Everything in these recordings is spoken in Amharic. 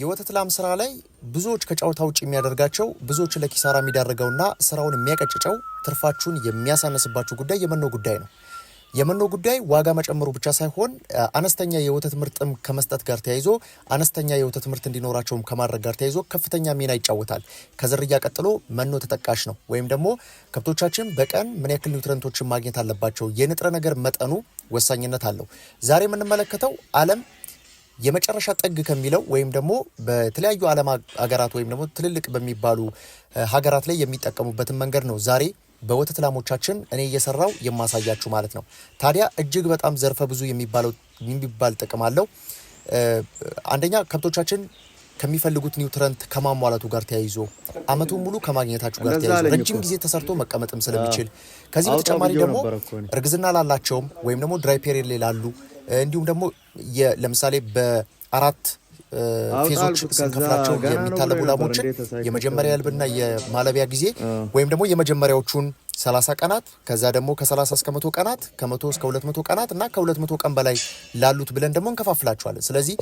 የወተት ላም ስራ ላይ ብዙዎች ከጨዋታ ውጭ የሚያደርጋቸው ብዙዎች ለኪሳራ የሚዳርገውና ስራውን የሚያቀጭጨው ትርፋችሁን የሚያሳነስባችሁ ጉዳይ የመኖ ጉዳይ ነው። የመኖ ጉዳይ ዋጋ መጨመሩ ብቻ ሳይሆን አነስተኛ የወተት ምርትም ከመስጠት ጋር ተያይዞ አነስተኛ የወተት ምርት እንዲኖራቸውም ከማድረግ ጋር ተያይዞ ከፍተኛ ሚና ይጫወታል። ከዝርያ ቀጥሎ መኖ ተጠቃሽ ነው። ወይም ደግሞ ከብቶቻችን በቀን ምን ያክል ኒውትረንቶችን ማግኘት አለባቸው፣ የንጥረ ነገር መጠኑ ወሳኝነት አለው። ዛሬ የምንመለከተው ዓለም የመጨረሻ ጥግ ከሚለው ወይም ደግሞ በተለያዩ ዓለም ሀገራት ወይም ደግሞ ትልልቅ በሚባሉ ሀገራት ላይ የሚጠቀሙበትን መንገድ ነው ዛሬ በወተት ላሞቻችን እኔ እየሰራው የማሳያችሁ ማለት ነው። ታዲያ እጅግ በጣም ዘርፈ ብዙ የሚባለው የሚባል ጥቅም አለው። አንደኛ ከብቶቻችን ከሚፈልጉት ኒውትረንት ከማሟላቱ ጋር ተያይዞ አመቱን ሙሉ ከማግኘታችሁ ጋር ተያይዞ ረጅም ጊዜ ተሰርቶ መቀመጥም ስለሚችል ከዚህ በተጨማሪ ደግሞ እርግዝና ላላቸውም ወይም ደግሞ ድራይ ፔሪድ ላይ ላሉ እንዲሁም ደግሞ ለምሳሌ በአራት ፌዞች ስንከፍላቸው የሚታለቡ ላሞችን የመጀመሪያ ያልብና የማለቢያ ጊዜ ወይም ደግሞ የመጀመሪያዎቹን 30 ቀናት ከዛ ደግሞ ከ30 እስከ መቶ ቀናት ከመቶ እስከ 200 ቀናት እና ከ200 ቀን በላይ ላሉት ብለን ደግሞ እንከፋፍላችኋለን። ስለዚህ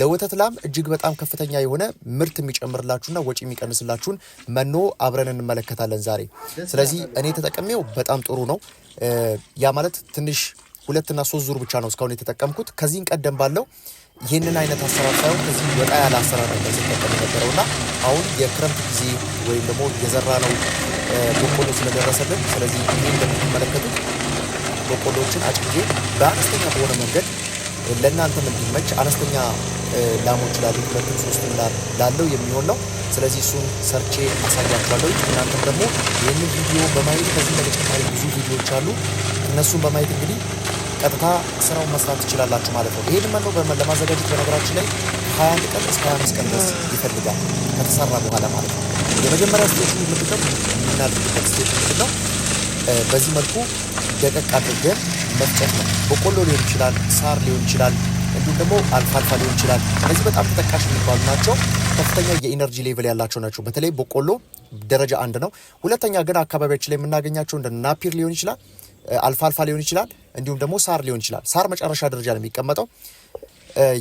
ለወተት ላም እጅግ በጣም ከፍተኛ የሆነ ምርት የሚጨምርላችሁና ወጪ የሚቀንስላችሁን መኖ አብረን እንመለከታለን ዛሬ። ስለዚህ እኔ ተጠቅሜው በጣም ጥሩ ነው። ያ ማለት ትንሽ ሁለትና ሶስት ዙር ብቻ ነው እስካሁን የተጠቀምኩት። ከዚህን ቀደም ባለው ይህንን አይነት አሰራር ሳይሆን ከዚህ ወጣ ያለ አሰራር ነበር ሲጠቀም የነበረውና አሁን የክረምት ጊዜ ወይም ደግሞ የዘራ ነው በቆሎ ስለደረሰልን፣ ስለዚህ ይህ እንደምትመለከቱት በቆሎችን አጭጄ በአነስተኛ በሆነ መንገድ ለእናንተ እንዲመች አነስተኛ ላሞች ላሉት ሁለቱም ሶስትም ላለው የሚሆን ነው። ስለዚህ እሱን ሰርቼ አሳያችኋለሁ። እናንተም ደግሞ ይህንን ቪዲዮ በማየት ከዚህ በተጨማሪ ብዙ ቪዲዮዎች አሉ። እነሱን በማየት እንግዲህ ቀጥታ ስራውን መስራት ትችላላችሁ ማለት ነው። ይሄን መኖ ለማዘጋጀት በነገራችን ላይ 21 ቀን እስከ 25 ቀን ድረስ ይፈልጋል ከተሰራ በኋላ ማለት ነው። የመጀመሪያ ስቴሽን ምንድነው የምናደርግበት ስቴሽን ምንድነው? በዚህ መልኩ ደቀቅ አድርገን መፍጨት ነው። በቆሎ ሊሆን ይችላል፣ ሳር ሊሆን ይችላል፣ እንዲሁም ደግሞ አልፋልፋ ሊሆን ይችላል። እነዚህ በጣም ተጠቃሽ የሚባሉ ናቸው። ከፍተኛ የኢነርጂ ሌቭል ያላቸው ናቸው። በተለይ በቆሎ ደረጃ አንድ ነው። ሁለተኛ ግን አካባቢያችን ላይ የምናገኛቸው እንደ ናፒር ሊሆን ይችላል አልፋ አልፋ ሊሆን ይችላል፣ እንዲሁም ደግሞ ሳር ሊሆን ይችላል። ሳር መጨረሻ ደረጃ ነው የሚቀመጠው።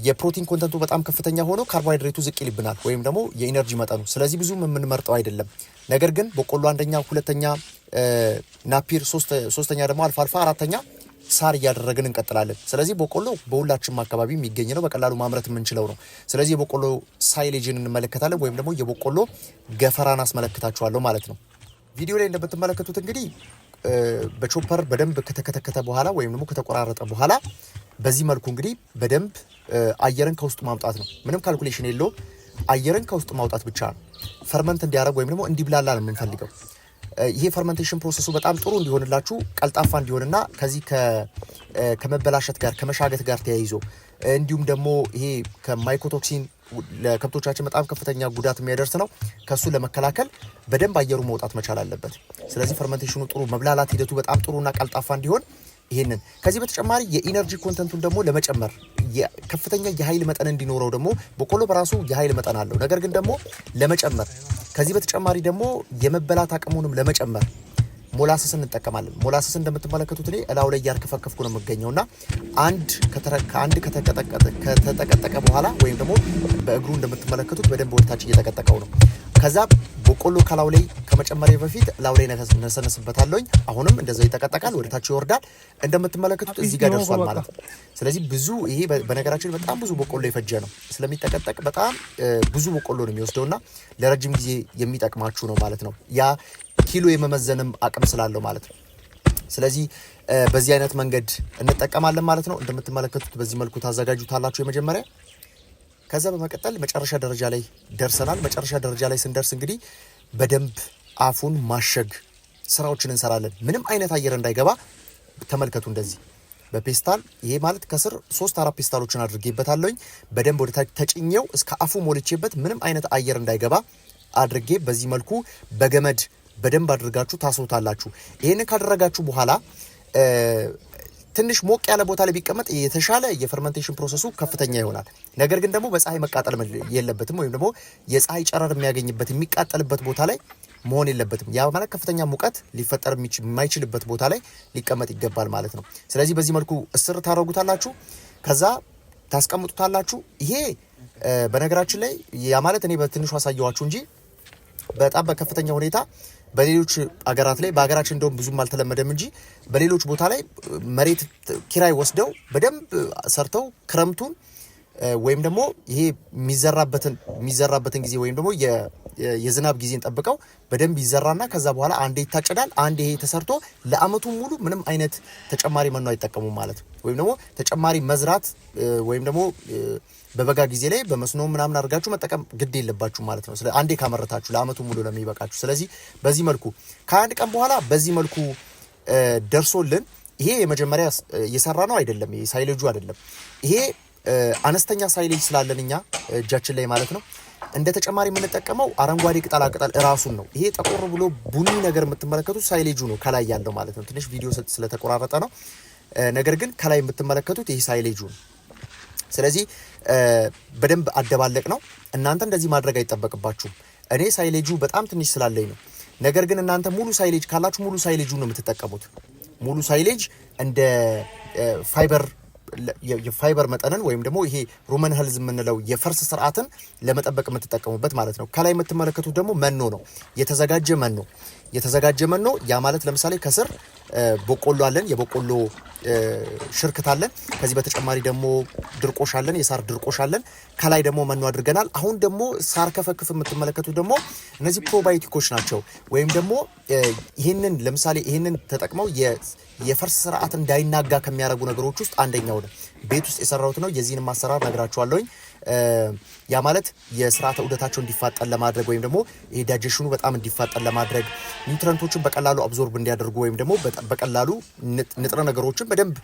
የፕሮቲን ኮንተንቱ በጣም ከፍተኛ ሆኖ ካርቦሃይድሬቱ ዝቅ ይልብናል፣ ወይም ደግሞ የኢነርጂ መጠኑ። ስለዚህ ብዙም የምንመርጠው አይደለም። ነገር ግን በቆሎ አንደኛ፣ ሁለተኛ ናፒር፣ ሶስተኛ ደግሞ አልፋልፋ አራተኛ ሳር እያደረግን እንቀጥላለን። ስለዚህ በቆሎ በሁላችንም አካባቢ የሚገኝ ነው፣ በቀላሉ ማምረት የምንችለው ነው። ስለዚህ የበቆሎ ሳይሌጅን እንመለከታለን ወይም ደግሞ የበቆሎ ገፈራን አስመለክታችኋለሁ ማለት ነው። ቪዲዮ ላይ እንደምትመለከቱት እንግዲህ በቾፐር በደንብ ከተከተከተ በኋላ ወይም ደግሞ ከተቆራረጠ በኋላ በዚህ መልኩ እንግዲህ በደንብ አየርን ከውስጡ ማውጣት ነው። ምንም ካልኩሌሽን የለውም። አየርን ከውስጥ ማውጣት ብቻ ነው። ፈርመንት እንዲያደርግ ወይም ደግሞ እንዲብላላ ነው የምንፈልገው። ይሄ ፈርመንቴሽን ፕሮሰሱ በጣም ጥሩ እንዲሆንላችሁ ቀልጣፋ እንዲሆንና ከዚህ ከመበላሸት ጋር ከመሻገት ጋር ተያይዞ እንዲሁም ደግሞ ይሄ ከማይኮቶክሲን ለከብቶቻችን በጣም ከፍተኛ ጉዳት የሚያደርስ ነው። ከሱ ለመከላከል በደንብ አየሩ መውጣት መቻል አለበት። ስለዚህ ፈርመንቴሽኑ ጥሩ መብላላት ሂደቱ በጣም ጥሩና ቀልጣፋ እንዲሆን ይህንን ከዚህ በተጨማሪ የኢነርጂ ኮንተንቱን ደግሞ ለመጨመር ከፍተኛ የኃይል መጠን እንዲኖረው ደግሞ በቆሎ በራሱ የኃይል መጠን አለው። ነገር ግን ደግሞ ለመጨመር ከዚህ በተጨማሪ ደግሞ የመበላት አቅሙንም ለመጨመር ሞላሰስ እንጠቀማለን። ሞላሰስ እንደምትመለከቱት እኔ እላው ላይ እያርከፈከፍኩ ነው የምገኘው እና አንድ ከአንድ ከተጠቀጠቀ በኋላ ወይም ደግሞ በእግሩ እንደምትመለከቱት በደንብ ወደታች እየጠቀጠቀው ነው። ከዛ በቆሎ ከላው ላይ ከመጨመሪያ በፊት ላው ላይ ነሰነስበታለኝ። አሁንም እንደዛ ይጠቀጠቃል፣ ወደታች ይወርዳል። እንደምትመለከቱት እዚህ ጋር ደርሷል ማለት ነው። ስለዚህ ብዙ ይሄ በነገራችን በጣም ብዙ በቆሎ የፈጀ ነው። ስለሚጠቀጠቅ በጣም ብዙ በቆሎ ነው የሚወስደውና ለረጅም ጊዜ የሚጠቅማችሁ ነው ማለት ነው ያ ኪሎ የመመዘንም አቅም ስላለው ማለት ነው። ስለዚህ በዚህ አይነት መንገድ እንጠቀማለን ማለት ነው። እንደምትመለከቱት በዚህ መልኩ ታዘጋጁታላችሁ የመጀመሪያ ከዛ በመቀጠል መጨረሻ ደረጃ ላይ ደርሰናል። መጨረሻ ደረጃ ላይ ስንደርስ እንግዲህ በደንብ አፉን ማሸግ ስራዎችን እንሰራለን። ምንም አይነት አየር እንዳይገባ ተመልከቱ። እንደዚህ በፔስታል ይሄ ማለት ከስር ሶስት አራት ፔስታሎችን አድርጌበታለሁኝ። በደንብ ወደ ታች ተጭኘው እስከ አፉ ሞልቼበት ምንም አይነት አየር እንዳይገባ አድርጌ በዚህ መልኩ በገመድ በደንብ አድርጋችሁ ታስሩታላችሁ። ይህንን ካደረጋችሁ በኋላ ትንሽ ሞቅ ያለ ቦታ ላይ ቢቀመጥ የተሻለ የፈርመንቴሽን ፕሮሰሱ ከፍተኛ ይሆናል። ነገር ግን ደግሞ በፀሐይ መቃጠል የለበትም ወይም ደግሞ የፀሐይ ጨረር የሚያገኝበት የሚቃጠልበት ቦታ ላይ መሆን የለበትም። ያ ማለት ከፍተኛ ሙቀት ሊፈጠር የማይችልበት ቦታ ላይ ሊቀመጥ ይገባል ማለት ነው። ስለዚህ በዚህ መልኩ እስር ታደርጉታላችሁ፣ ከዛ ታስቀምጡታላችሁ። ይሄ በነገራችን ላይ ያ ማለት እኔ በትንሹ አሳየዋችሁ እንጂ በጣም በከፍተኛ ሁኔታ በሌሎች አገራት ላይ በሀገራችን እንደውም ብዙም አልተለመደም እንጂ በሌሎች ቦታ ላይ መሬት ኪራይ ወስደው በደንብ ሰርተው ክረምቱን ወይም ደግሞ ይሄ የሚዘራበትን የሚዘራበትን ጊዜ ወይም ደግሞ የዝናብ ጊዜን ጠብቀው በደንብ ይዘራና ከዛ በኋላ አንዴ ይታጨዳል። አንዴ ይሄ ተሰርቶ ለአመቱ ሙሉ ምንም አይነት ተጨማሪ መኖ አይጠቀሙም ማለት ነው። ወይም ደግሞ ተጨማሪ መዝራት ወይም ደግሞ በበጋ ጊዜ ላይ በመስኖ ምናምን አድርጋችሁ መጠቀም ግድ የለባችሁ ማለት ነው። አንዴ ካመረታችሁ ለአመቱ ሙሉ ነው የሚበቃችሁ። ስለዚህ በዚህ መልኩ ከአንድ ቀን በኋላ በዚህ መልኩ ደርሶልን ይሄ የመጀመሪያ እየሰራ ነው አይደለም፣ ሳይለጁ አይደለም ይሄ አነስተኛ ሳይሌጅ ስላለን እኛ እጃችን ላይ ማለት ነው እንደ ተጨማሪ የምንጠቀመው አረንጓዴ ቅጠላቅጠል እራሱን ነው። ይሄ ጠቆር ብሎ ቡኒ ነገር የምትመለከቱት ሳይሌጁ ነው ከላይ ያለው ማለት ነው። ትንሽ ቪዲዮ ስለተቆራረጠ ነው። ነገር ግን ከላይ የምትመለከቱት ይሄ ሳይሌጁ ነው። ስለዚህ በደንብ አደባለቅ ነው። እናንተ እንደዚህ ማድረግ አይጠበቅባችሁም። እኔ ሳይሌጁ በጣም ትንሽ ስላለኝ ነው። ነገር ግን እናንተ ሙሉ ሳይሌጅ ካላችሁ ሙሉ ሳይሌጁ ነው የምትጠቀሙት። ሙሉ ሳይሌጅ እንደ ፋይበር የፋይበር መጠንን ወይም ደግሞ ይሄ ሩመን ህልዝ የምንለው የፈርስ ስርዓትን ለመጠበቅ የምትጠቀሙበት ማለት ነው። ከላይ የምትመለከቱት ደግሞ መኖ ነው፣ የተዘጋጀ መኖ የተዘጋጀ መኖ ያ ማለት ለምሳሌ ከስር በቆሎ አለን የበቆሎ ሽርክት አለን። ከዚህ በተጨማሪ ደግሞ ድርቆሽ አለን፣ የሳር ድርቆሽ አለን። ከላይ ደግሞ መኖ አድርገናል። አሁን ደግሞ ሳር ከፈክፍ የምትመለከቱት ደግሞ እነዚህ ፕሮባዮቲኮች ናቸው። ወይም ደግሞ ይህንን ለምሳሌ ይህንን ተጠቅመው የፈርስ ስርዓት እንዳይናጋ ከሚያደርጉ ነገሮች ውስጥ አንደኛው ነው። ቤት ውስጥ የሰራሁት ነው። የዚህን ማሰራር ነግራችኋለሁኝ። ያ ማለት የስርዓተ ዑደታቸው እንዲፋጠን ለማድረግ ወይም ደግሞ ይሄ ዳይጀሽኑ በጣም እንዲፋጠን ለማድረግ ኒውትረንቶችን በቀላሉ አብዞርብ እንዲያደርጉ ወይም ደግሞ በቀላሉ ንጥረ ነገሮችን በደንብ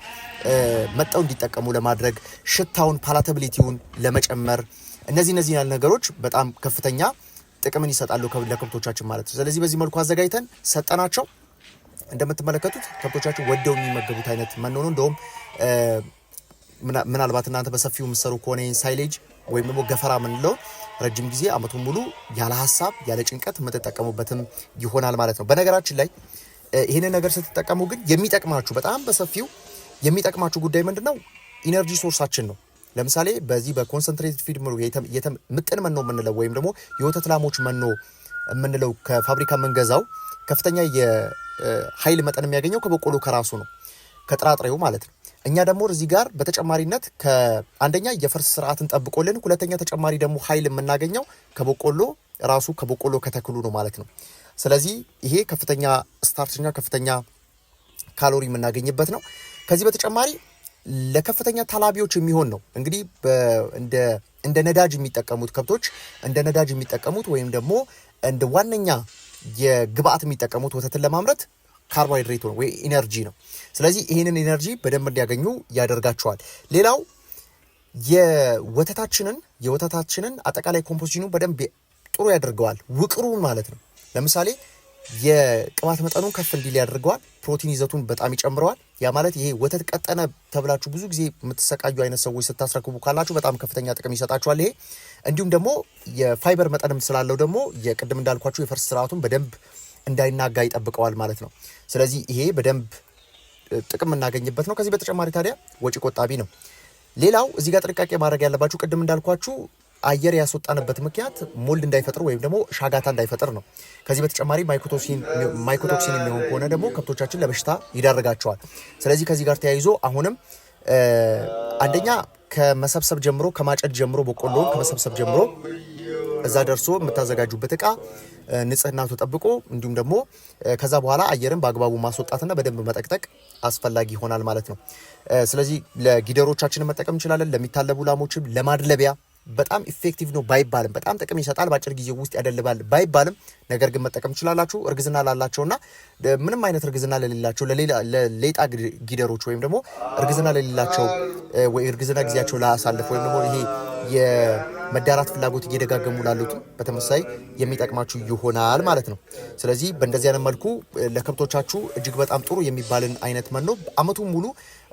መጠው እንዲጠቀሙ ለማድረግ ሽታውን ፓላተብሊቲውን ለመጨመር እነዚህ እነዚህ ያሉ ነገሮች በጣም ከፍተኛ ጥቅምን ይሰጣሉ ለከብቶቻችን ማለት ነው። ስለዚህ በዚህ መልኩ አዘጋጅተን ሰጠናቸው። እንደምትመለከቱት ከብቶቻችን ወደው የሚመገቡት አይነት መኖ ነው። እንደውም ምናልባት እናንተ በሰፊው የምትሰሩ ከሆነ ሳይሌጅ ወይም ደግሞ ገፈራ ምንለውን ረጅም ጊዜ አመቱን ሙሉ ያለ ሀሳብ ያለ ጭንቀት የምትጠቀሙበትም ይሆናል ማለት ነው። በነገራችን ላይ ይህንን ነገር ስትጠቀሙ ግን የሚጠቅማችሁ በጣም በሰፊው የሚጠቅማችሁ ጉዳይ ምንድን ነው? ኢነርጂ ሶርሳችን ነው። ለምሳሌ በዚህ በኮንሰንትሬትድ ፊድ ምጥን መኖ የምንለው ወይም ደግሞ የወተት ላሞች መኖ የምንለው ከፋብሪካ የምንገዛው ከፍተኛ የኃይል መጠን የሚያገኘው ከበቆሎ ከራሱ ነው፣ ከጥራጥሬው ማለት ነው። እኛ ደግሞ እዚህ ጋር በተጨማሪነት አንደኛ የፈርስ ስርዓትን ጠብቆልን፣ ሁለተኛ ተጨማሪ ደግሞ ኃይል የምናገኘው ከበቆሎ ራሱ ከበቆሎ ከተክሉ ነው ማለት ነው። ስለዚህ ይሄ ከፍተኛ ስታርችና ከፍተኛ ካሎሪ የምናገኝበት ነው። ከዚህ በተጨማሪ ለከፍተኛ ታላቢዎች የሚሆን ነው። እንግዲህ እንደ ነዳጅ የሚጠቀሙት ከብቶች እንደ ነዳጅ የሚጠቀሙት ወይም ደግሞ እንደ ዋነኛ የግብአት የሚጠቀሙት ወተትን ለማምረት ካርቦሃይድሬት ወይ ኢነርጂ ነው። ስለዚህ ይህንን ኢነርጂ በደንብ እንዲያገኙ ያደርጋቸዋል። ሌላው የወተታችንን የወተታችንን አጠቃላይ ኮምፖዚሽኑ በደንብ ጥሩ ያደርገዋል፣ ውቅሩን ማለት ነው። ለምሳሌ የቅባት መጠኑን ከፍ እንዲል ያደርገዋል። ፕሮቲን ይዘቱን በጣም ይጨምረዋል። ያ ማለት ይሄ ወተት ቀጠነ ተብላችሁ ብዙ ጊዜ የምትሰቃዩ አይነት ሰዎች ስታስረክቡ ካላችሁ በጣም ከፍተኛ ጥቅም ይሰጣችኋል። ይሄ እንዲሁም ደግሞ የፋይበር መጠንም ስላለው ደግሞ የቅድም እንዳልኳችሁ የፈርስ ስርዓቱን በደንብ እንዳይናጋ ይጠብቀዋል ማለት ነው። ስለዚህ ይሄ በደንብ ጥቅም እናገኝበት ነው። ከዚህ በተጨማሪ ታዲያ ወጪ ቆጣቢ ነው። ሌላው እዚህ ጋር ጥንቃቄ ማድረግ ያለባችሁ ቅድም እንዳልኳችሁ አየር ያስወጣንበት ምክንያት ሞልድ እንዳይፈጥር ወይም ደግሞ ሻጋታ እንዳይፈጥር ነው። ከዚህ በተጨማሪ ማይኮቶክሲን የሚሆን ከሆነ ደግሞ ከብቶቻችን ለበሽታ ይዳርጋቸዋል። ስለዚህ ከዚህ ጋር ተያይዞ አሁንም አንደኛ ከመሰብሰብ ጀምሮ ከማጨድ ጀምሮ በቆሎውን ከመሰብሰብ ጀምሮ እዛ ደርሶ የምታዘጋጁበት እቃ ንጽህና ተጠብቆ እንዲሁም ደግሞ ከዛ በኋላ አየርን በአግባቡ ማስወጣትና በደንብ መጠቅጠቅ አስፈላጊ ይሆናል ማለት ነው። ስለዚህ ለጊደሮቻችንን መጠቀም እንችላለን። ለሚታለቡ ላሞችም ለማድለቢያ በጣም ኢፌክቲቭ ነው ባይባልም በጣም ጥቅም ይሰጣል፣ በአጭር ጊዜ ውስጥ ያደልባል ባይባልም ነገር ግን መጠቀም ትችላላችሁ። እርግዝና ላላቸውና ምንም አይነት እርግዝና ለሌላቸው ለሌጣ ጊደሮች ወይም ደግሞ እርግዝና ለሌላቸው ወይ እርግዝና ጊዜያቸው ላሳልፍ ወይም ደግሞ ይሄ የመዳራት ፍላጎት እየደጋገሙ ላሉት በተመሳይ የሚጠቅማችሁ ይሆናል ማለት ነው። ስለዚህ በእንደዚህ አይነት መልኩ ለከብቶቻችሁ እጅግ በጣም ጥሩ የሚባልን አይነት መኖ አመቱን ሙሉ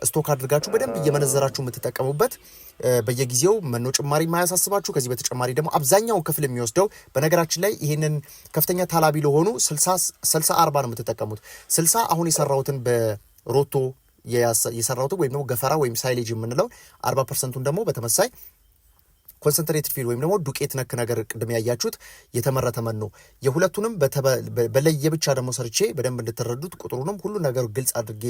ስቶክ አድርጋችሁ በደንብ እየመነዘራችሁ የምትጠቀሙበት በየጊዜው መኖ ጭማሪ የማያሳስባችሁ። ከዚህ በተጨማሪ ደግሞ አብዛኛውን ክፍል የሚወስደው በነገራችን ላይ ይህንን ከፍተኛ ታላቢ ለሆኑ ስልሳ አርባ ነው የምትጠቀሙት። ስልሳ አሁን የሰራሁትን በሮቶ የሰራሁትን ወይም ደግሞ ገፈራ ወይም ሳይሌጅ የምንለው አርባ ፐርሰንቱን ደግሞ በተመሳይ ኮንሰንትሬትድ ፊድ ወይም ደግሞ ዱቄት ነክ ነገር ቅድም ያያችሁት የተመረተ መኖ የሁለቱንም በለየ ብቻ ደግሞ ሰርቼ በደንብ እንድትረዱት ቁጥሩንም ሁሉ ነገር ግልጽ አድርጌ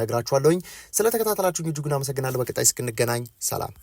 ነግራችኋለሁኝ። ስለተከታተላችሁኝ እጅጉን አመሰግናለሁ። በቀጣይ እስክንገናኝ ሰላም።